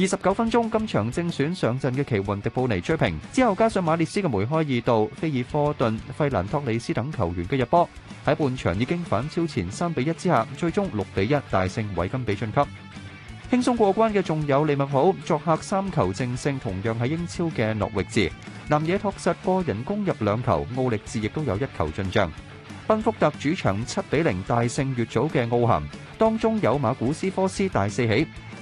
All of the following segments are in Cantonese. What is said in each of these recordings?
二十九分鐘，今場正選上陣嘅奇雲迪布尼追平，之後加上馬列斯嘅梅開二度、菲爾科頓、費蘭托里斯等球員嘅入波，喺半場已經反超前三比一之下，最終六比一大勝韋甘比晉級，輕鬆過關嘅仲有利物浦作客三球淨勝，同樣係英超嘅諾域治，南野拓實個人攻入兩球，奧力治亦都有一球進帳，賓福特主場七比零大勝乙組嘅奧咸，當中有馬古斯科斯大四起。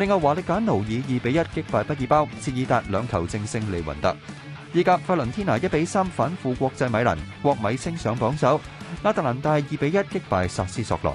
另外，華力簡奴以二比一擊敗不爾包，切爾達兩球淨勝利雲特。意甲、弗倫天拿一比三反負國際米蘭，國米升上榜首。阿特蘭大二比一擊敗薩斯索羅。